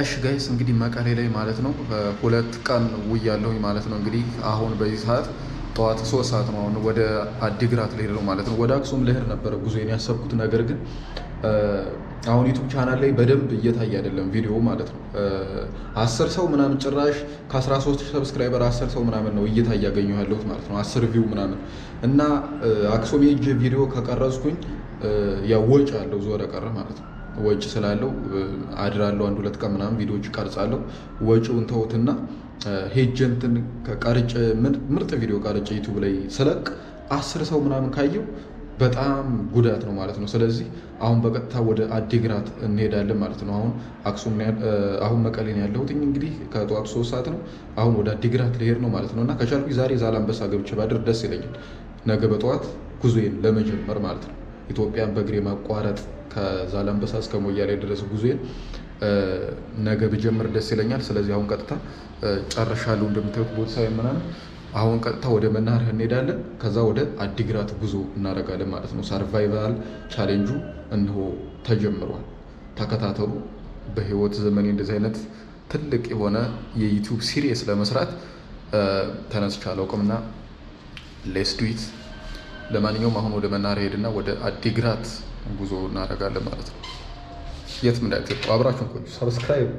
እሺ ጋይስ እንግዲህ መቀሌ ላይ ማለት ነው ሁለት ቀን ውያለሁኝ ማለት ነው። እንግዲህ አሁን በዚህ ሰዓት ጠዋት ሶስት ሰዓት ነው። አሁን ወደ አዲግራት ልሄድ ነው ማለት ነው። ወደ አክሱም ልሄድ ነበረ ጉዞዬን ያሰብኩት ነገር ግን አሁን ዩቱብ ቻናል ላይ በደንብ እየታየ አይደለም ቪዲዮ ማለት ነው። አስር ሰው ምናምን ጭራሽ ከ13 ሰብስክራይበር አስር ሰው ምናምን ነው እየታየ ያገኘሁ ያለሁት ማለት ነው። አስር ቪው ምናምን እና አክሱም የእጅ ቪዲዮ ከቀረጽኩኝ ያወጭ አለው ዞረ ቀረ ማለት ነው። ወጭ ስላለው አድራለሁ አንድ ሁለት ቀን ምናምን ቪዲዮዎች ቀርጻለሁ። ወጪውን ተውትና ሄጀንትን እንትን ምርጥ ቪዲዮ ቀርጭ ዩቱብ ላይ ስለቅ አስር ሰው ምናምን ካየው በጣም ጉዳት ነው ማለት ነው። ስለዚህ አሁን በቀጥታ ወደ አዲግራት እንሄዳለን ማለት ነው። አሁን አክሱም አሁን መቀሌን ያለሁት እንግዲህ ከጠዋቱ ሶስት ሰዓት ነው። አሁን ወደ አዲግራት ልሄድ ነው ማለት ነው እና ከቻልኩ ዛሬ ዛላንበሳ ገብቼ ባድር ደስ ይለኛል። ነገ በጠዋት ጉዞዬን ለመጀመር ማለት ነው። ኢትዮጵያን በእግሬ ማቋረጥ ከዛላንበሳ እስከ ሞያሌ ድረስ ጉዞዬን ነገ ብጀምር ደስ ይለኛል። ስለዚህ አሁን ቀጥታ ጨርሻለሁ። እንደምታዩት ቦታ ምናምን አሁን ቀጥታ ወደ መናኸሪያ እንሄዳለን። ከዛ ወደ አዲግራት ጉዞ እናደርጋለን ማለት ነው። ሰርቫይቫል ቻሌንጁ እንሆ ተጀምሯል። ተከታተሉ። በህይወት ዘመኔ እንደዚህ አይነት ትልቅ የሆነ የዩቲዩብ ሲሪየስ ለመስራት ተነስቻለሁ አውቅምና ሌስ ዱዊት ለማንኛውም አሁን ወደ መናኸሪያ ሄድና ወደ አዲግራት ጉዞ እናደርጋለን ማለት ነው። የትም እንዳይጠጡ አብራችሁን ቆዩ። ሰብስክራይብ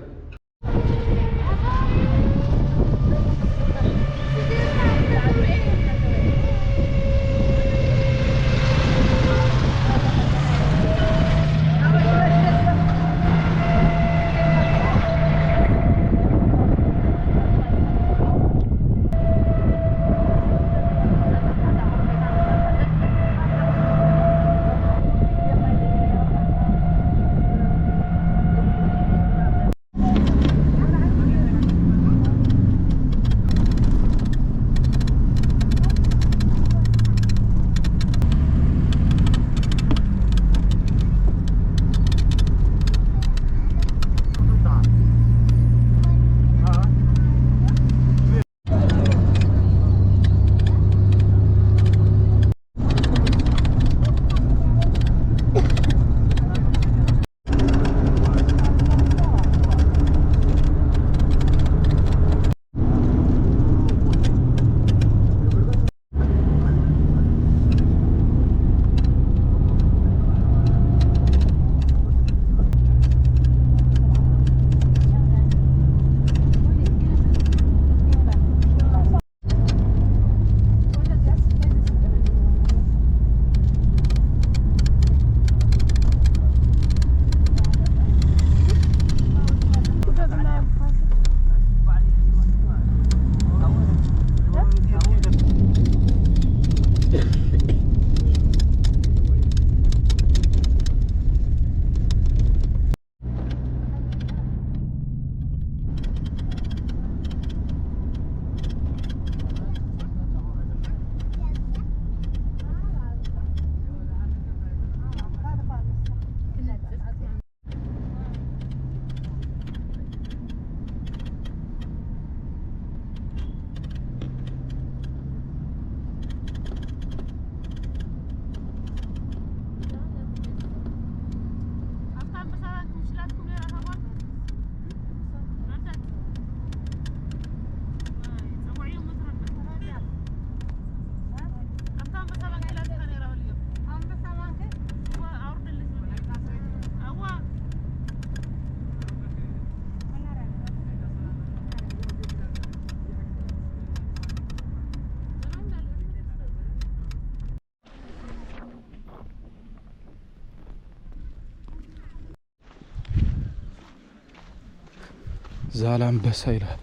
ዛላምበሳ ይላል።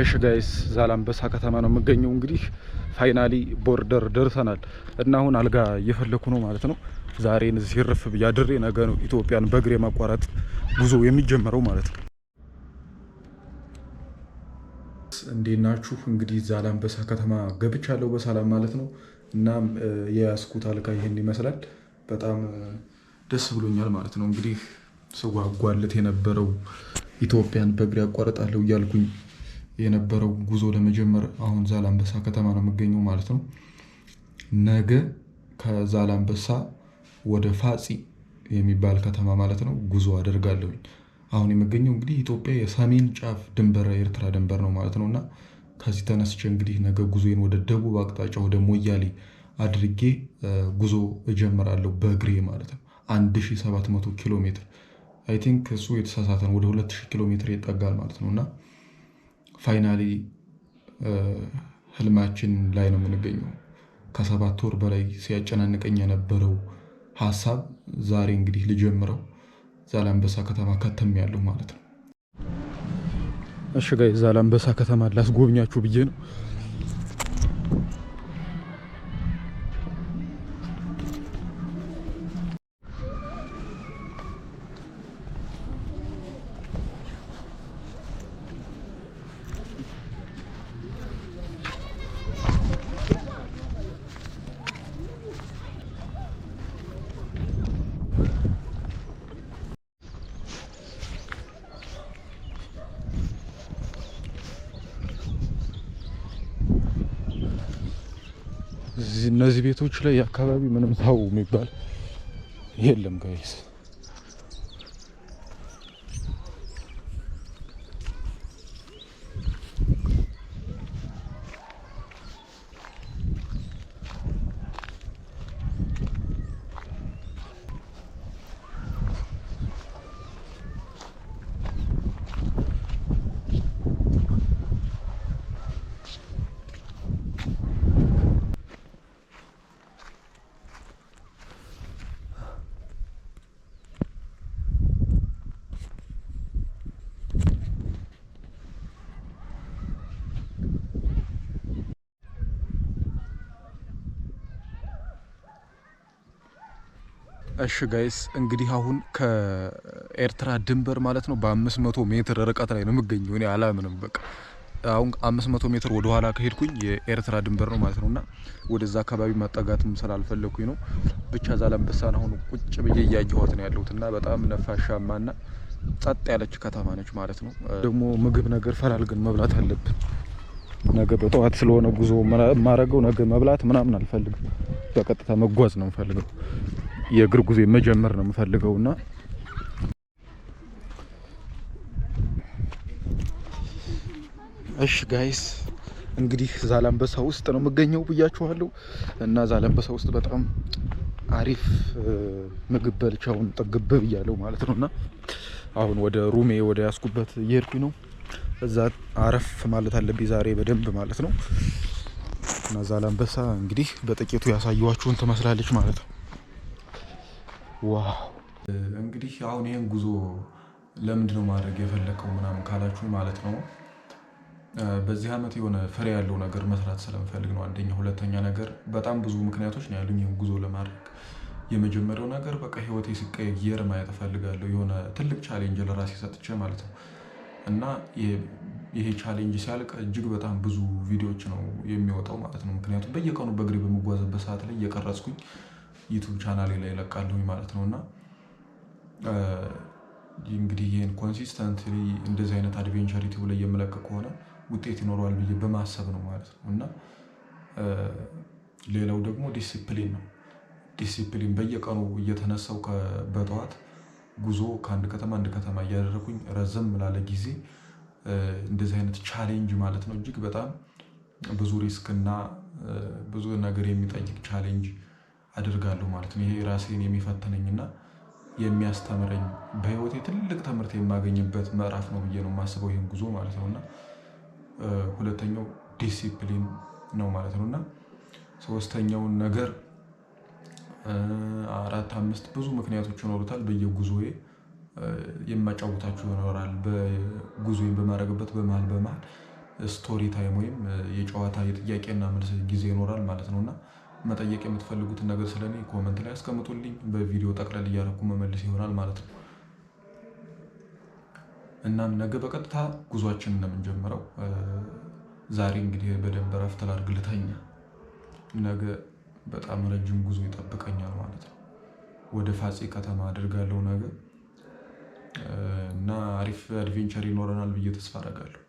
እሺ ጋይስ ዛላምበሳ ከተማ ነው የምገኘው። እንግዲህ ፋይናሊ ቦርደር ደርሰናል እና አሁን አልጋ እየፈለኩ ነው ማለት ነው። ዛሬን እዚህ ርፍ ብዬ አድሬ ነገ ነው ኢትዮጵያን በእግሬ ማቋረጥ ጉዞ የሚጀመረው ማለት ነው። እንዴት ናችሁ? እንግዲህ ዛላምበሳ ከተማ ገብቻለሁ በሰላም ማለት ነው። እናም የያዝኩት አልጋ ይህን ይመስላል። በጣም ደስ ብሎኛል ማለት ነው። እንግዲህ ስጓጓለት የነበረው ኢትዮጵያን በእግሬ አቋርጣለሁ እያልኩኝ የነበረው ጉዞ ለመጀመር አሁን ዛላንበሳ ከተማ ነው የምገኘው ማለት ነው። ነገ ከዛላንበሳ ወደ ፋጺ የሚባል ከተማ ማለት ነው ጉዞ አደርጋለሁኝ። አሁን የምገኘው እንግዲህ ኢትዮጵያ የሰሜን ጫፍ ድንበር ኤርትራ ድንበር ነው ማለት ነው እና ከዚህ ተነስቼ እንግዲህ ነገ ጉዞዬን ወደ ደቡብ አቅጣጫ ወደ ሞያሌ አድርጌ ጉዞ እጀምራለሁ በእግሬ ማለት ነው 1700 ኪሎ ሜትር አይ ቲንክ እሱ የተሳሳተ ወደ 2000 ኪሎ ሜትር ይጠጋል ማለት ነው እና ፋይናሊ ህልማችን ላይ ነው የምንገኘው። ከሰባት ወር በላይ ሲያጨናንቀኝ የነበረው ሀሳብ ዛሬ እንግዲህ ልጀምረው ዛላንበሳ ከተማ ከተም ያለው ማለት ነው። እሺ ጋይ ዛላንበሳ ከተማ ላስጎብኛችሁ ብዬ ነው እነዚህ ቤቶች ላይ አካባቢ ምንም ሰው የሚባል የለም ጋይስ እሺ ጋይስ እንግዲህ አሁን ከኤርትራ ድንበር ማለት ነው በ500 ሜትር ርቀት ላይ ነው የምገኘው። እኔ አላምንም በቃ አሁን 500 ሜትር ወደ ኋላ ከሄድኩኝ የኤርትራ ድንበር ነው ማለት ነውና ወደዛ አካባቢ መጠጋትም ስላልፈለግኩኝ ነው። ብቻ ዛላምበሳን አሁን ቁጭ ብዬ እያየኋት ነው ያለሁት እና በጣም ነፋሻማና ና ጸጥ ያለች ከተማ ነች ማለት ነው። ደግሞ ምግብ ነገር ፈላልገን መብላት አለብን። ነገ በጠዋት ስለሆነ ጉዞ ማረገው ነገ መብላት ምናምን አልፈልግም። በቀጥታ መጓዝ ነው ፈልገው የእግር ጉዞ መጀመር ነው የምፈልገውና እሺ ጋይስ እንግዲህ ዛላንበሳ ውስጥ ነው የምገኘው ብያችኋለሁ። እና ዛላንበሳ ውስጥ በጣም አሪፍ ምግብ በልቻውን ጥግብ ብያለሁ ማለት ነው። እና አሁን ወደ ሩሜ ወደ ያስኩበት እየሄድኩኝ ነው። እዛ አረፍ ማለት አለብኝ ዛሬ በደንብ ማለት ነው። እና ዛላንበሳ እንግዲህ በጥቂቱ ያሳየኋችሁን ትመስላለች ማለት ነው። እንግዲህ አሁን ይህን ጉዞ ለምንድነው ማድረግ የፈለግከው ምናምን ካላችሁ ማለት ነው በዚህ ዓመት የሆነ ፍሬ ያለው ነገር መስራት ስለምፈልግ ነው። አንደኛ፣ ሁለተኛ ነገር በጣም ብዙ ምክንያቶች ነው ያሉኝ ይህን ጉዞ ለማድረግ። የመጀመሪያው ነገር በቃ ህይወቴ ሲቀየር ማየት እፈልጋለሁ። የሆነ ትልቅ ቻሌንጅ ለራሴ ሰጥቼ ማለት ነው እና ይሄ ቻሌንጅ ሲያልቅ እጅግ በጣም ብዙ ቪዲዮዎች ነው የሚወጣው ማለት ነው። ምክንያቱም በየቀኑ በእግሬ በምጓዝበት ሰዓት ላይ እየቀረጽኩኝ ዩቱብ ቻናሌ ላይ እለቃለሁኝ ማለት ነው እና እንግዲህ ይህን ኮንሲስተንት እንደዚህ አይነት አድቬንቸር ዩቲዩብ ላይ የምለቅ ከሆነ ውጤት ይኖረዋል ብዬ በማሰብ ነው ማለት ነው እና ሌላው ደግሞ ዲሲፕሊን ነው። ዲሲፕሊን በየቀኑ እየተነሳው በጠዋት ጉዞ ከአንድ ከተማ አንድ ከተማ እያደረኩኝ ረዘም ላለ ጊዜ እንደዚህ አይነት ቻሌንጅ ማለት ነው እጅግ በጣም ብዙ ሪስክ እና ብዙ ነገር የሚጠይቅ ቻሌንጅ አድርጋለሁ ማለት ነው። ይሄ ራሴን የሚፈትነኝና የሚያስተምረኝ በህይወቴ ትልቅ ትምህርት የማገኝበት ምዕራፍ ነው ብዬ ነው የማስበው ይህን ጉዞ ማለት ነው እና ሁለተኛው ዲሲፕሊን ነው ማለት ነው እና ሶስተኛውን ነገር አራት አምስት ብዙ ምክንያቶች ይኖሩታል። በየጉዞዬ የማጫወታቸው ይኖራል። በጉዞዬ በማድረግበት በመሀል በመሀል ስቶሪ ታይም ወይም የጨዋታ የጥያቄና መልስ ጊዜ ይኖራል ማለት ነው እና መጠየቅ የምትፈልጉትን ነገር ስለኔ ኮመንት ላይ አስቀምጡልኝ። በቪዲዮ ጠቅለል እያደረኩ መመልስ ይሆናል ማለት ነው። እናም ነገ በቀጥታ ጉዟችን ነው የምንጀምረው። ዛሬ እንግዲህ በደንብ እረፍት ላድርግ፣ ልተኛ። ነገ በጣም ረጅም ጉዞ ይጠብቀኛል ማለት ነው። ወደ ፋፄ ከተማ አድርጋለሁ ነገ እና አሪፍ አድቬንቸር ይኖረናል ብዬ ተስፋ አደርጋለሁ።